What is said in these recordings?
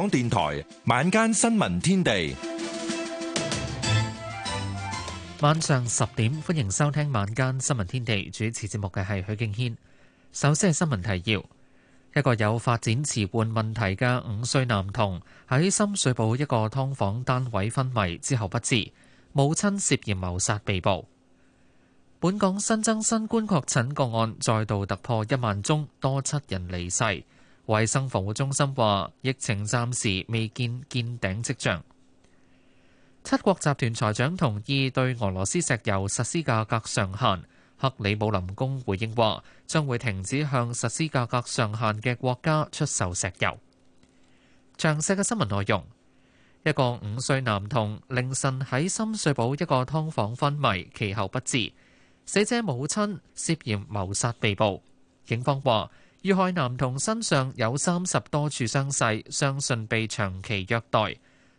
港電台晚間新聞天地，晚上十點歡迎收聽晚間新聞天地。主持節目嘅係許敬軒。首先係新聞提要：一個有發展遲緩問題嘅五歲男童喺深水埗一個劏房單位昏迷之後不治，母親涉嫌謀殺被捕。本港新增新冠確診個案再度突破一萬宗，多七人離世。衛生防護中心話，疫情暫時未見見頂跡象。七國集團財長同意對俄羅斯石油實施價格上限。克里姆林宮回應話，將會停止向實施價格上限嘅國家出售石油。詳細嘅新聞內容，一個五歲男童凌晨喺深水埗一個劏房昏迷，其後不治。死者母親涉嫌謀殺被捕，警方話，遇害男童身上有三十多處傷勢，相信被長期虐待。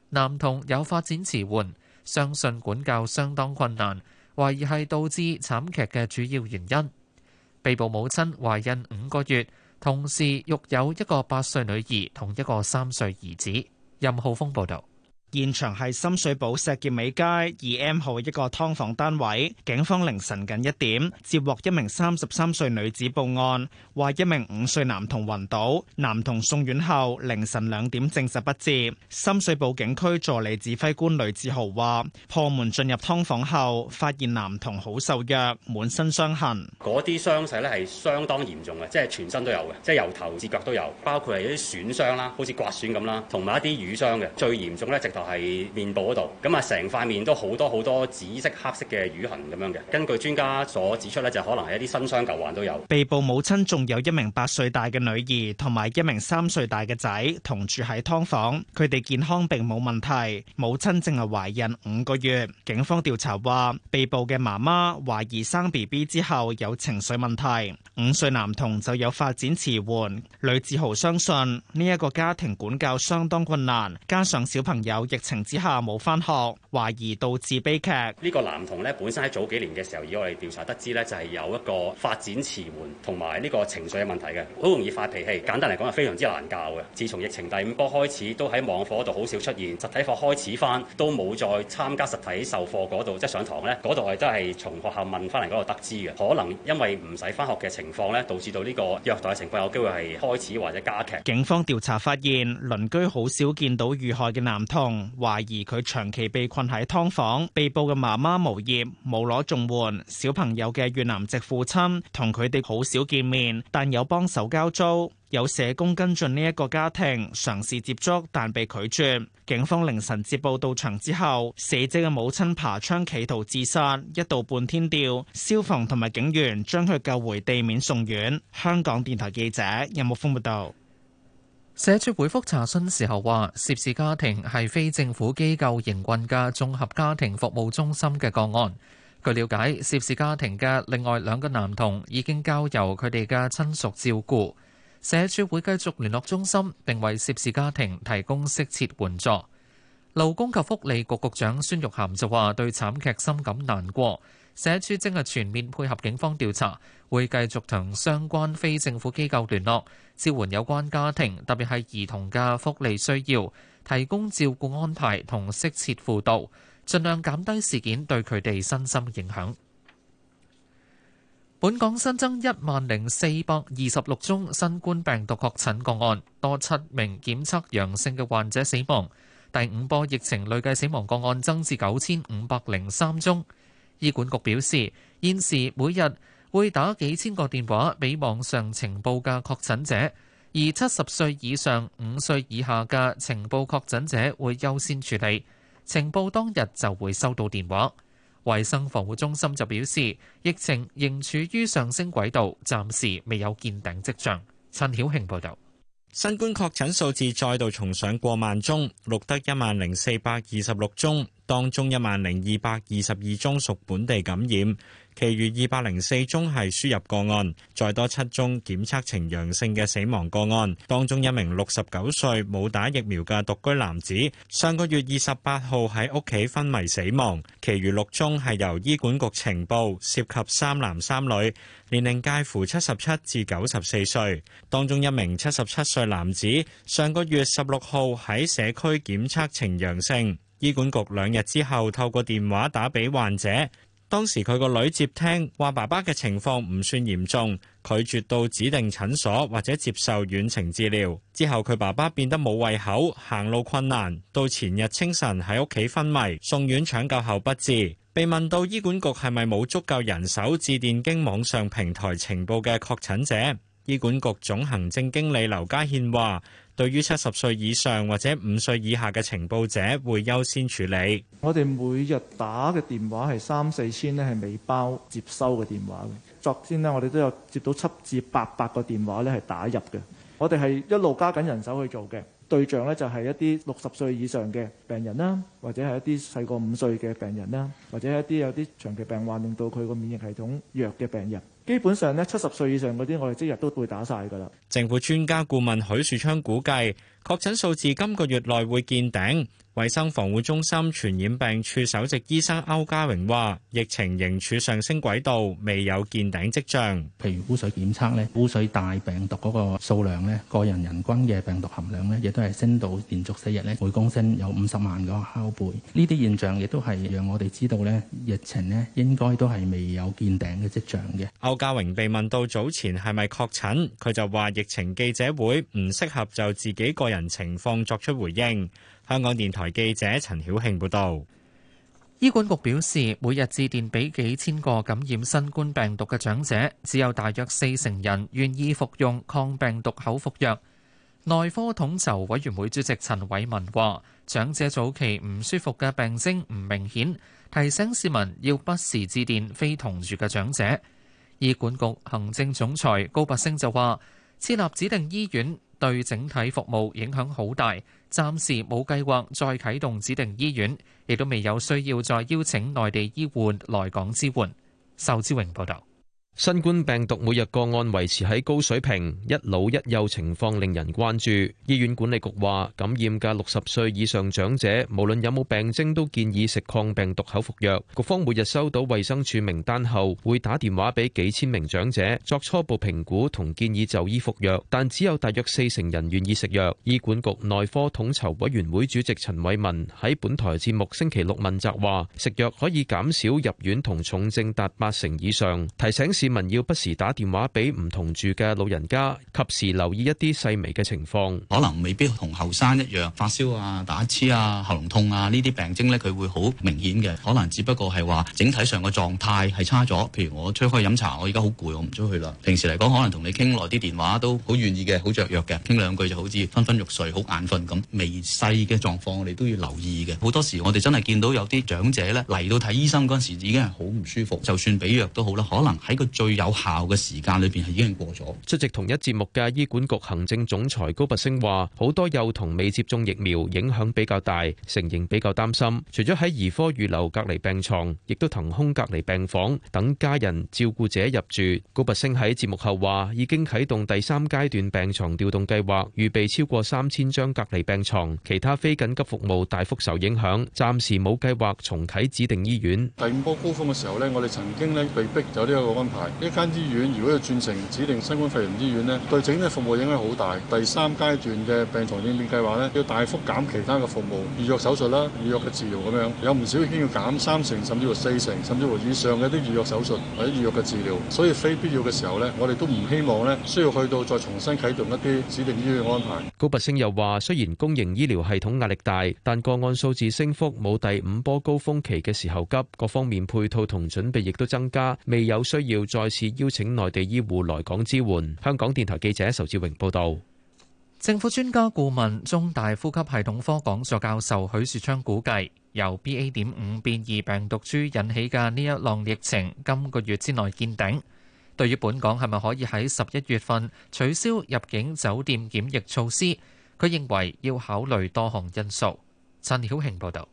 男童有發展遲緩，相信管教相當困難，懷疑係導致慘劇嘅主要原因。被捕母親懷孕五個月，同時育有一個八歲女兒同一個三歲兒子。任浩峰報道。現場係深水埗石硖尾街二 M 號一個劏房單位，警方凌晨近一點接獲一名三十三歲女子報案，話一名五歲男童暈倒，男童送院後凌晨兩點證實不治。深水埗警區助理指揮官呂志豪話，破門進入劏房後，發現男童好瘦弱，滿身傷痕。嗰啲傷勢呢係相當嚴重嘅，即係全身都有嘅，即係由頭至腳都有，包括係啲損傷啦，好似刮損咁啦，同埋一啲瘀傷嘅，最嚴重呢直頭。就係面部嗰度，咁啊成塊面都好多好多紫色、黑色嘅瘀痕咁樣嘅。根據專家所指出呢，就可能係一啲新傷舊患都有。被捕母親仲有一名八歲大嘅女兒，同埋一名三歲大嘅仔，同住喺劏房。佢哋健康並冇問題。母親淨係懷孕五個月。警方調查話，被捕嘅媽媽懷疑生 B B 之後有情緒問題。五歲男童就有發展遲緩。女志豪相信呢一個家庭管教相當困難，加上小朋友。疫情之下冇翻學，懷疑導致悲劇。呢個男童呢本身喺早幾年嘅時候，以我哋調查得知呢就係有一個發展遲緩，同埋呢個情緒嘅問題嘅，好容易發脾氣。簡單嚟講，係非常之難教嘅。自從疫情第五波開始，都喺網課嗰度好少出現，實體課開始翻都冇再參加實體授課嗰度，即係上堂呢嗰度係都係從學校問翻嚟嗰度得知嘅。可能因為唔使翻學嘅情況呢，導致到呢個虐待嘅情況有機會係開始或者加劇。警方調查發現，鄰居好少見到遇害嘅男童。懷疑佢長期被困喺劏房，被捕嘅媽媽無業，冇攞綜援。小朋友嘅越南籍父親同佢哋好少見面，但有幫手交租。有社工跟進呢一個家庭，嘗試接觸但被拒絕。警方凌晨接報到場之後，死者嘅母親爬窗企圖自殺，一度半天吊。消防同埋警員將佢救回地面送院。香港電台記者任木鋒報道。有社署回覆查詢時候話，涉事家庭係非政府機構營運嘅綜合家庭服務中心嘅個案。據了解，涉事家庭嘅另外兩個男童已經交由佢哋嘅親屬照顧。社署會繼續聯絡中心，並為涉事家庭提供適切援助。勞工及福利局局長孫玉菡就話：對慘劇深感難過。社署正係全面配合警方調查，會繼續同相關非政府機構聯絡，支援有關家庭，特別係兒童嘅福利需要，提供照顧安排同適切輔導，盡量減低事件對佢哋身心影響。本港新增一萬零四百二十六宗新冠病毒確診個案，多七名檢測陽性嘅患者死亡。第五波疫情累計死亡個案增至九千五百零三宗。醫管局表示，現時每日會打幾千個電話俾網上呈報嘅確診者，而七十歲以上、五歲以下嘅呈報確診者會優先處理，呈報當日就會收到電話。衛生防護中心就表示，疫情仍處於上升軌道，暫時未有見頂跡象。陳曉慶報導，新冠確診數字再度重上過萬宗，錄得一萬零四百二十六宗。當中一萬零二百二十二宗屬本地感染，其餘二百零四宗係輸入個案，再多七宗檢測呈陽性嘅死亡個案。當中一名六十九歲冇打疫苗嘅獨居男子，上個月二十八號喺屋企昏迷死亡。其餘六宗係由醫管局呈報，涉及三男三女，年齡介乎七十七至九十四歲。當中一名七十七歲男子，上個月十六號喺社區檢測呈陽性。醫管局兩日之後透過電話打俾患者，當時佢個女接聽話，爸爸嘅情況唔算嚴重，拒絕到指定診所或者接受遠程治療。之後佢爸爸變得冇胃口，行路困難，到前日清晨喺屋企昏迷，送院搶救後不治。被問到醫管局係咪冇足夠人手致電經網上平台情報嘅確診者？醫管局總行政經理劉家憲話，對於七十歲以上或者五歲以下嘅情報者，會優先處理。我哋每日打嘅電話係三四千，呢係未包接收嘅電話嘅。昨天呢，我哋都有接到七至八百個電話咧，係打入嘅。我哋係一路加緊人手去做嘅，對象咧就係一啲六十歲以上嘅病人啦。或者係一啲細過五歲嘅病人啦，或者一啲有啲長期病患令到佢個免疫系統弱嘅病人，基本上呢，七十歲以上嗰啲我哋即日都會打晒㗎啦。政府專家顧問許樹昌估計，確診數字今個月內會見頂。衞生防護中心傳染病處首席醫生歐家榮話：疫情仍處上升軌道，未有見頂跡象。譬如污水檢測呢，污水大病毒嗰個數量呢，個人人均嘅病毒含量呢，亦都係升到連續四日呢，每公升有五十萬個拷。呢啲現象亦都係讓我哋知道呢，疫情咧應該都係未有見頂嘅跡象嘅。歐家榮被問到早前係咪確診，佢就話疫情記者會唔適合就自己個人情況作出回應。香港電台記者陳曉慶報道，醫管局表示，每日致電俾幾千個感染新冠病毒嘅長者，只有大約四成人願意服用抗病毒口服藥。內科統籌委員會主席陳偉文話：長者早期唔舒服嘅病徵唔明顯，提醒市民要不時致電非同住嘅長者。醫管局行政總裁高拔昇就話：設立指定醫院對整體服務影響好大，暫時冇計劃再啟動指定醫院，亦都未有需要再邀請內地醫護來港支援。仇志榮報導。新冠病毒每日個案維持喺高水平，一老一幼情況令人關注。醫院管理局話，感染嘅六十歲以上長者，無論有冇病徵，都建議食抗病毒口服藥。局方每日收到衛生署名單後，會打電話俾幾千名長者作初步評估同建議就醫服藥，但只有大約四成人願意食藥。醫管局內科統籌委員會主席陳偉文喺本台節目星期六問責話，食藥可以減少入院同重症達八成以上，提醒民要不時打電話俾唔同住嘅老人家，及時留意一啲細微嘅情況。可能未必同後生一樣發燒啊、打痴啊、喉嚨痛啊這些病徵，呢啲病徵咧，佢會好明顯嘅。可能只不過係話整體上嘅狀態係差咗。譬如我出去飲茶，我而家好攰，我唔出去啦。平時嚟講，可能同你傾耐啲電話都好願意嘅，好雀躍嘅，傾兩句就好似昏昏欲睡、好眼瞓咁。微細嘅狀況，我哋都要留意嘅。好多時我哋真係見到有啲長者咧，嚟到睇醫生嗰陣時，已經係好唔舒服。就算俾藥都好啦，可能喺個最有效嘅時間裏面已經過咗。出席同一節目嘅醫管局行政總裁高拔昇話：好多幼童未接種疫苗，影響比較大，承認比較擔心。除咗喺兒科預留隔離病床，亦都騰空隔離病房等家人照顧者入住。高拔昇喺節目後話：已經啟動第三階段病床調動計劃，預備超過三千張隔離病床。其他非緊急服務大幅受影響，暫時冇計劃重啟指定醫院。第五波高峰嘅時候呢，我哋曾經被逼咗呢個安排。呢間醫院如果要轉成指定新冠肺炎醫院咧，對整體服務影響好大。第三階段嘅病床應變計劃呢，要大幅減其他嘅服務，預約手術啦，預約嘅治療咁樣，有唔少已經要減三成甚至乎四成甚至乎以上嘅啲預約手術或者預約嘅治療。所以非必要嘅時候呢，我哋都唔希望呢需要去到再重新啟動一啲指定醫院安排。高拔陞又話：雖然公營醫療系統壓力大，但個案數字升幅冇第五波高峰期嘅時候急，各方面配套同準備亦都增加，未有需要。再次邀請內地醫護來港支援。香港電台記者仇志榮報導。政府專家顧問、中大呼吸系統科講座教授許樹昌估計，由 BA.5 變異病毒株引起嘅呢一浪疫情，今個月之內見頂。對於本港係咪可以喺十一月份取消入境酒店檢疫措施，佢認為要考慮多項因素。陳曉慶報導。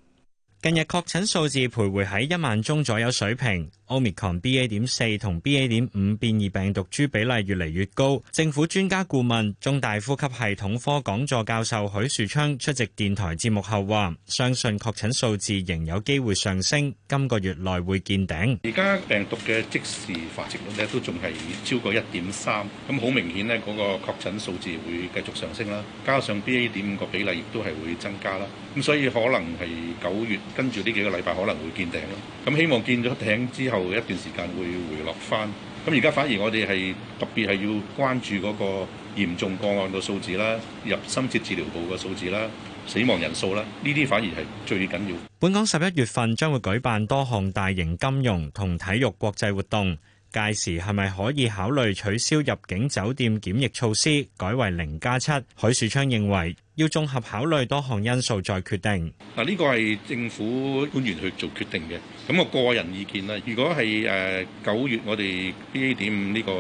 近日確診數字徘徊喺一萬宗左右水平，Omicron BA 點四同 BA 點五變異病毒株比例越嚟越高。政府專家顧問、中大呼吸系統科講座教授許樹昌出席電台節目後話，相信確診數字仍有機會上升，今個月內會見頂。而家病毒嘅即時發殖率呢都仲係超過一點三，咁好明顯呢個確診數字會繼續上升啦，加上 BA 點五個比例亦都係會增加啦，咁所以可能係九月。跟住呢幾個禮拜可能會見頂咯，咁希望見咗頂之後一段時間會回落翻。咁而家反而我哋係特別係要關注嗰個嚴重個案個數字啦，入深切治療部個數字啦，死亡人數啦，呢啲反而係最緊要。本港十一月份將會舉辦多項大型金融同體育國際活動，屆時係咪可以考慮取消入境酒店檢疫措施，改為零加七？許樹昌認為，要綜合考慮多項因素再決定。嗱，呢個係政府官員去做決定嘅。咁我個人意見啦，如果係誒九月我哋 B A 點五呢個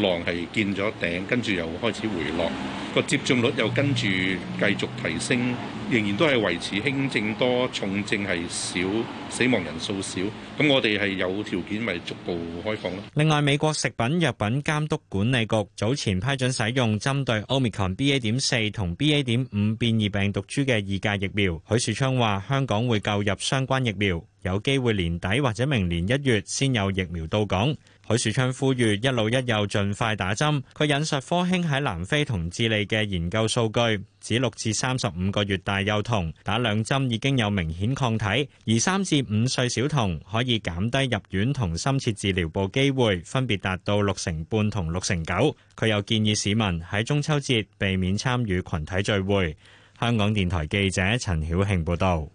浪係見咗頂，跟住又開始回落，個接種率又跟住繼續提升，仍然都係維持輕症多、重症係少、死亡人數少。咁我哋係有條件咪逐步開放咯。另外，美國食品藥品監督管理局早前批准使用針對 OmicronB A 點四同 B A 點五，變異病毒株嘅二價疫苗，許樹昌話香港會購入相關疫苗。有機會年底或者明年一月先有疫苗到港。許樹昌呼籲一老一幼盡快打針。佢引述科興喺南非同智利嘅研究數據，指六至三十五個月大幼童打兩針已經有明顯抗體，而三至五歲小童可以減低入院同深切治療部機會，分別達到六成半同六成九。佢又建議市民喺中秋節避免參與群體聚會。香港電台記者陳曉慶報導。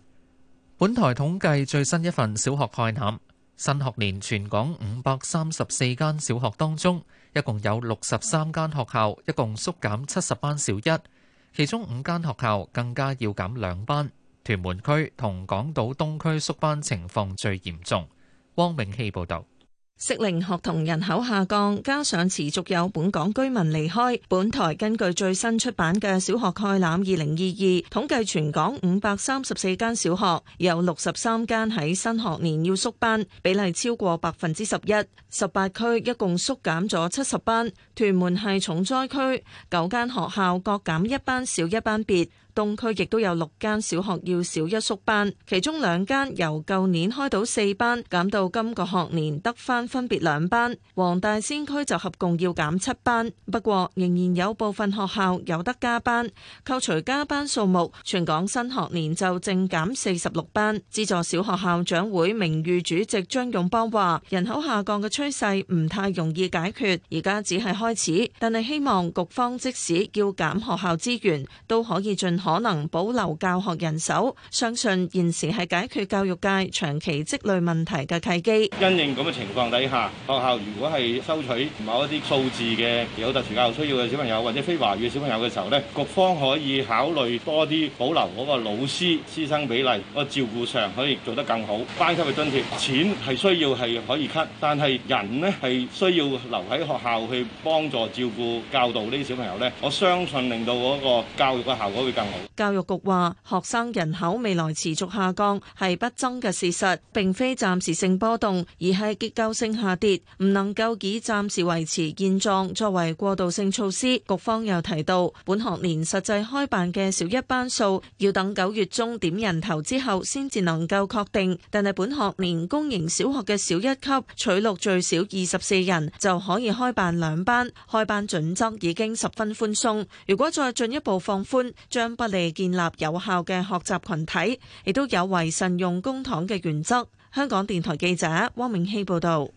本台統計最新一份小學概覽，新學年全港五百三十四間小學當中，一共有六十三間學校一共縮減七十班小一，其中五間學校更加要減兩班。屯門區同港島東區縮班情況最嚴重。汪永熙報道。適齡學童人口下降，加上持續有本港居民離開，本台根據最新出版嘅《小學概覽二零二二》統計，全港五百三十四間小學有六十三間喺新學年要縮班，比例超過百分之十一。十八區一共縮減咗七十班，屯門係重災區，九間學校各減一班，小一班別。東區亦都有六間小學要小一縮班，其中兩間由舊年開到四班，減到今個學年得返分別兩班。黃大仙區就合共要減七班，不過仍然有部分學校有得加班。扣除加班數目，全港新學年就淨減四十六班。資助小學校長會名譽主席張勇邦話：人口下降嘅趨勢唔太容易解決，而家只係開始，但係希望局方即使要減學校資源，都可以進行。可能保留教學人手，相信現時係解決教育界長期積累問題嘅契機，因應咁嘅情況底下，學校如果係收取某一啲數字嘅有特殊教育需要嘅小朋友或者非華語嘅小朋友嘅時候咧，局方可以考慮多啲保留嗰個老師師生比例，個照顧上可以做得更好。班級嘅津貼錢係需要係可以 cut，但係人咧係需要留喺學校去幫助照顧教導呢啲小朋友咧，我相信令到嗰個教育嘅效果會更好。教育局話：學生人口未來持續下降，係不爭嘅事實，並非暫時性波動，而係結構性下跌，唔能夠以暫時維持現狀作為過渡性措施。局方又提到，本學年實際開辦嘅小一班數，要等九月中點人頭之後先至能夠確定。但係本學年公營小學嘅小一級取錄最少二十四人就可以開辦兩班，開班準則已經十分寬鬆。如果再進一步放寬，將不利建立有效嘅學習羣體，亦都有違慎用公帑嘅原則。香港電台記者汪明熙報導。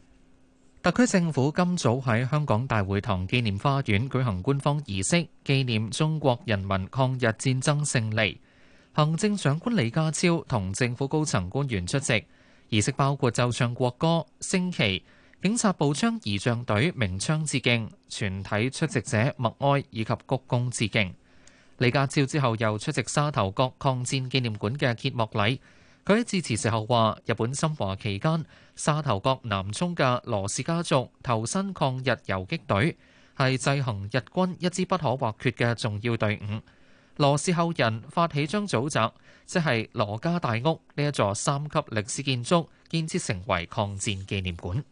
特區政府今早喺香港大會堂紀念花園舉行官方儀式，紀念中國人民抗日戰爭勝利。行政長官李家超同政府高層官員出席。儀式包括奏唱國歌、升旗、警察步槍儀仗隊鳴槍致敬、全體出席者默哀以及鞠躬致敬。李家超之後又出席沙頭角抗戰紀念館嘅揭幕禮。佢喺致辭時候話：日本侵華期間，沙頭角南涌嘅羅氏家族投身抗日遊擊隊，係制衡日軍一支不可或缺嘅重要隊伍。羅氏後人發起將祖宅，即係羅家大屋呢一座三級歷史建築，建設成為抗戰紀念館。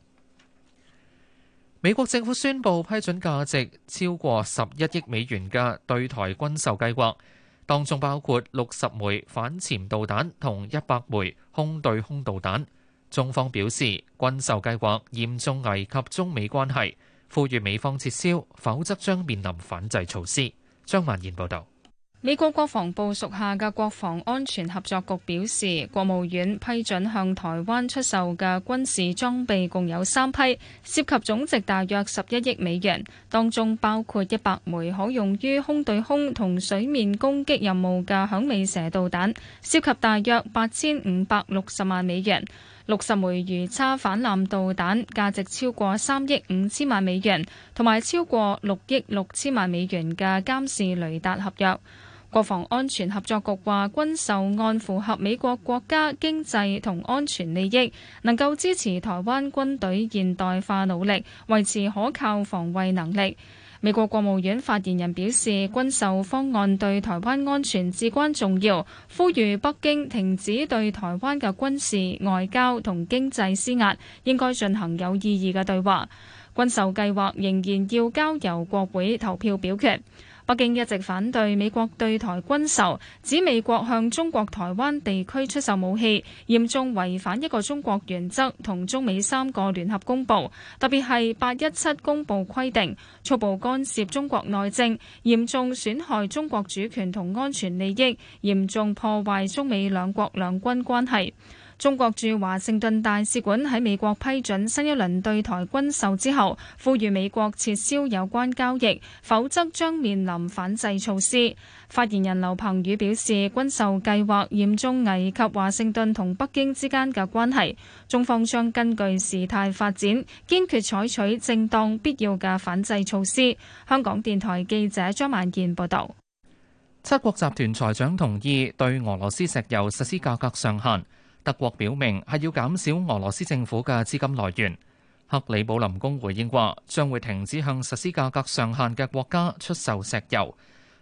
美國政府宣布批准價值超過十一億美元嘅對台軍售計劃，當中包括六十枚反潛導彈同一百枚空對空導彈。中方表示，軍售計劃嚴重危及中美關係，呼籲美方撤銷，否則將面臨反制措施。張曼燕報導。美國國防部屬下嘅國防安全合作局表示，國務院批准向台灣出售嘅軍事裝備共有三批，涉及總值大約十一億美元。當中包括一百枚可用於空對空同水面攻擊任務嘅響尾蛇導彈，涉及大約八千五百六十萬美元；六十枚魚叉反艦導彈，價值超過三億五千萬美元，同埋超過六億六千萬美元嘅監視雷達合約。國防安全合作局話，軍售案符合美國國家經濟同安全利益，能夠支持台灣軍隊現代化努力，維持可靠防衛能力。美國國務院發言人表示，軍售方案對台灣安全至關重要，呼籲北京停止對台灣嘅軍事、外交同經濟施壓，應該進行有意義嘅對話。軍售計劃仍然要交由國會投票表決。北京一直反對美國對台軍售，指美國向中國台灣地區出售武器，嚴重違反一個中國原則同中美三個聯合公報，特別係八一七公報規定，粗暴干涉中國內政，嚴重損害中國主權同安全利益，嚴重破壞中美兩國兩軍關係。中國駐華盛頓大使館喺美國批准新一輪對台軍售之後，呼籲美國撤銷有關交易，否則將面臨反制措施。發言人劉鵬宇表示，軍售計劃嚴重危及華盛頓同北京之間嘅關係，中方將根據事態發展，堅決採取正當必要嘅反制措施。香港電台記者張萬健報道。七國集團財長同意對俄羅斯石油實施價格上限。德國表明係要減少俄羅斯政府嘅資金來源。克里姆林宮回應話，將會停止向實施價格上限嘅國家出售石油。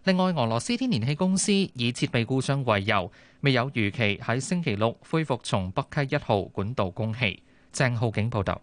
另外，俄羅斯天然氣公司以設備故障為由，未有預期喺星期六恢復從北溪一號管道供氣。鄭浩景報導。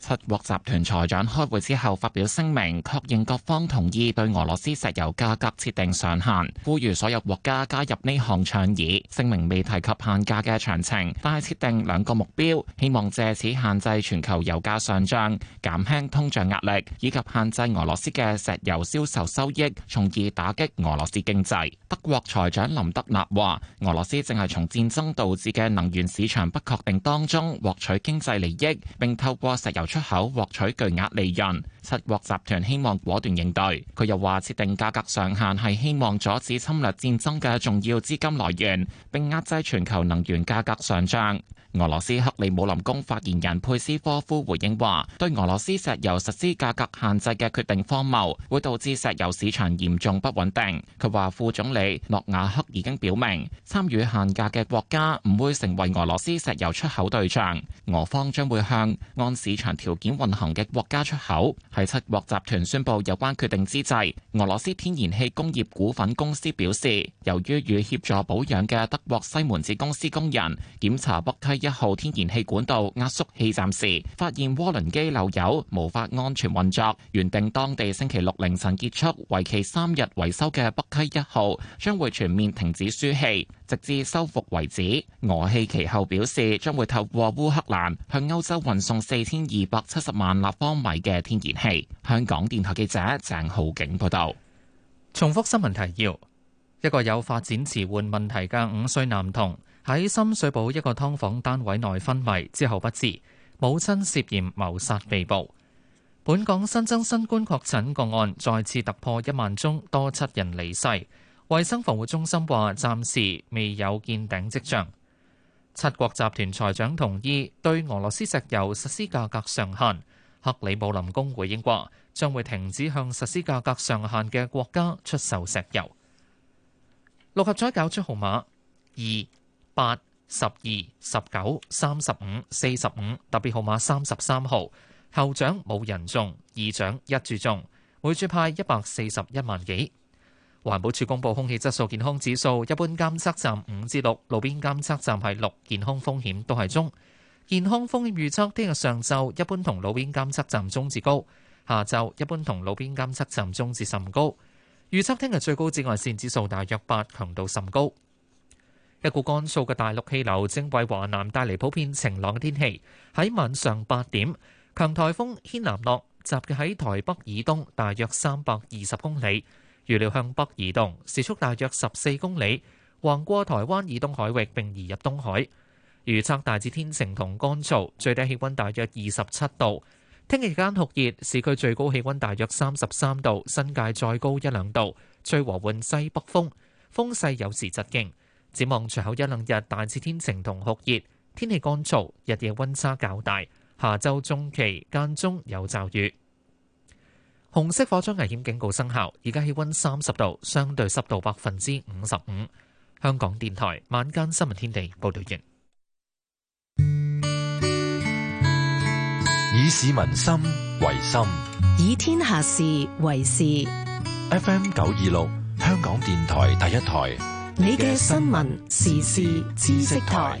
七國集團財長開會之後發表聲明，確認各方同意對俄羅斯石油價格設定上限，呼籲所有國家加入呢項倡議。聲明未提及限價嘅詳情，但係設定兩個目標，希望借此限制全球油價上漲，減輕通脹壓力，以及限制俄羅斯嘅石油銷售收益，從而打擊俄羅斯經濟。德國財長林德納話，俄羅斯正係從戰爭導致嘅能源市場不確定當中獲取經濟利益，並透過石油。出口獲取巨額利潤。七國集團希望果斷應對。佢又話設定價格上限係希望阻止侵略戰爭嘅重要資金來源，並壓制全球能源價格上漲。俄羅斯克里姆林宮發言人佩斯科夫回應話，對俄羅斯石油實施價格限制嘅決定荒謬，會導致石油市場嚴重不穩定。佢話副總理諾瓦克已經表明，參與限價嘅國家唔會成為俄羅斯石油出口對象，俄方將會向按市場條件運行嘅國家出口。喺七國集團宣布有關決定之際，俄羅斯天然氣工業股份公司表示，由於與協助保養嘅德國西門子公司工人檢查北溪一號天然氣管道壓縮氣站時，發現渦輪機漏油，無法安全運作，原定當地星期六凌晨結束，為期三日維修嘅北溪一號將會全面停止輸氣。直至收復為止。俄氣其後表示，將會透過烏克蘭向歐洲運送四千二百七十萬立方米嘅天然氣。香港電台記者鄭浩景報道。重複新聞提要：一個有發展遲緩問題嘅五歲男童喺深水埗一個劏房單位內昏迷，之後不治，母親涉嫌謀殺被捕。本港新增新冠確診個案再次突破一萬宗，多七人離世。衛生防護中心話，暫時未有見頂跡象。七國集團財長同意對俄羅斯石油實施價格上限。克里姆林宮回應話，將會停止向實施價格上限嘅國家出售石油。六合彩攪出號碼二八十二十九三十五四十五，特別號碼三十三號。後獎冇人中，二獎一注中，每注派一百四十一萬幾。環保署公布空氣質素健康指數，一般監測站五至六，路邊監測站係六，健康風險都係中。健康風險預測聽日上晝一般同路邊監測站中至高，下晝一般同路邊監測站中至甚高。預測聽日最高紫外線指數大約八，強度甚高。一股乾燥嘅大陸氣流正為華南帶嚟普遍晴朗嘅天氣。喺晚上八點，強颱風軒嵐諾集結喺台北以東大約三百二十公里。預料向北移動，時速大約十四公里，橫過台灣以東海域並移入東海。預測大致天晴同乾燥，最低氣温大約二十七度。聽日間酷熱，市區最高氣温大約三十三度，新界再高一兩度。吹和緩西北風，風勢有時疾勁。展望隨後一兩日大致天晴同酷熱，天氣乾燥，日夜温差較大。下週中期間中有驟雨。紅色火災危險警告生效，而家氣溫三十度，相對濕度百分之五十五。香港電台晚間新聞天地報道完，以市民心為心，以天下事為事。FM 九二六，香港電台第一台，你嘅新聞時事知識台。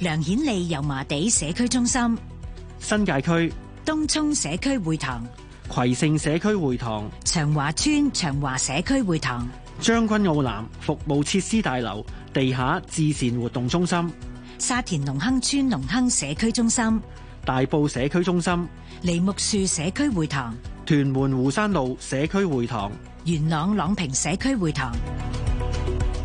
梁顯利油麻地社區中心，新界區東涌社區會堂，葵盛社區會堂，長華村長華社區會堂，將軍澳南服務設施大樓地下慈善活動中心，沙田隆亨村隆亨社區中心，大埔社區中心，梨木樹社區會堂，屯門湖山路社區會堂，元朗朗平社區會堂。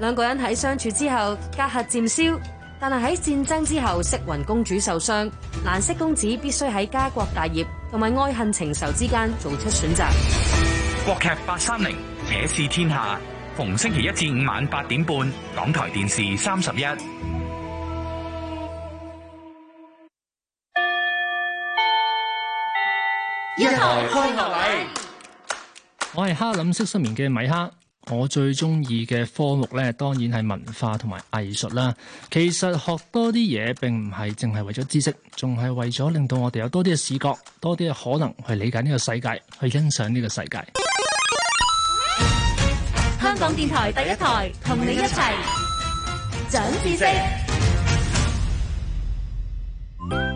兩個人喺相處之後，隔閡漸消，但係喺戰爭之後，色雲公主受傷，蘭息公子必須喺家國大業同埋愛恨情仇之間做出選擇。國劇八三零，且試天下，逢星期一至五晚八點半，港台電視三十一。一台開落嚟，我係哈林色失眠嘅米哈。我最中意嘅科目咧，當然係文化同埋藝術啦。其實學多啲嘢，並唔係淨係為咗知識，仲係為咗令到我哋有多啲嘅視覺，多啲嘅可能去理解呢個世界，去欣賞呢個世界。香港電台第一台，同你一齊長知識。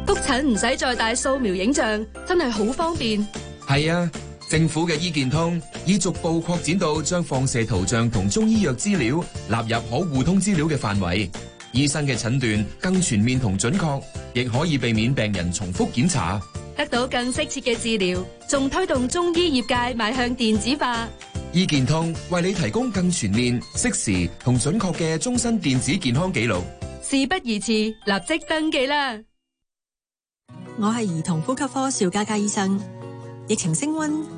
覆診唔使再帶掃描影像，真係好方便。係啊。政府嘅醫健通已逐步擴展到將放射圖像同中醫藥資料納入可互通資料嘅範圍，醫生嘅診斷更全面同準確，亦可以避免病人重複檢查，得到更適切嘅治療。仲推動中醫業界邁向電子化，醫健通為你提供更全面、適時同準確嘅終身電子健康紀錄。事不宜遲，立即登記啦！我係兒童呼吸科邵嘉嘉醫生，疫情升溫。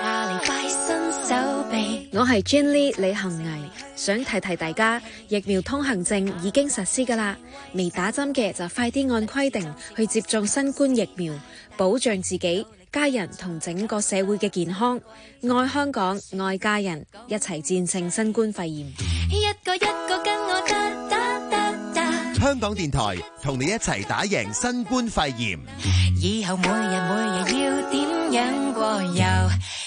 我係 Gin Lee 李恒毅，想提提大家，疫苗通行證已經實施噶啦，未打針嘅就快啲按規定去接種新冠疫苗，保障自己、家人同整個社會嘅健康。愛香港，愛家人，一齊戰勝新冠肺炎。一個一個跟我得得得得。香港電台同你一齊打贏新冠肺炎。以後每日每日要點樣過悠？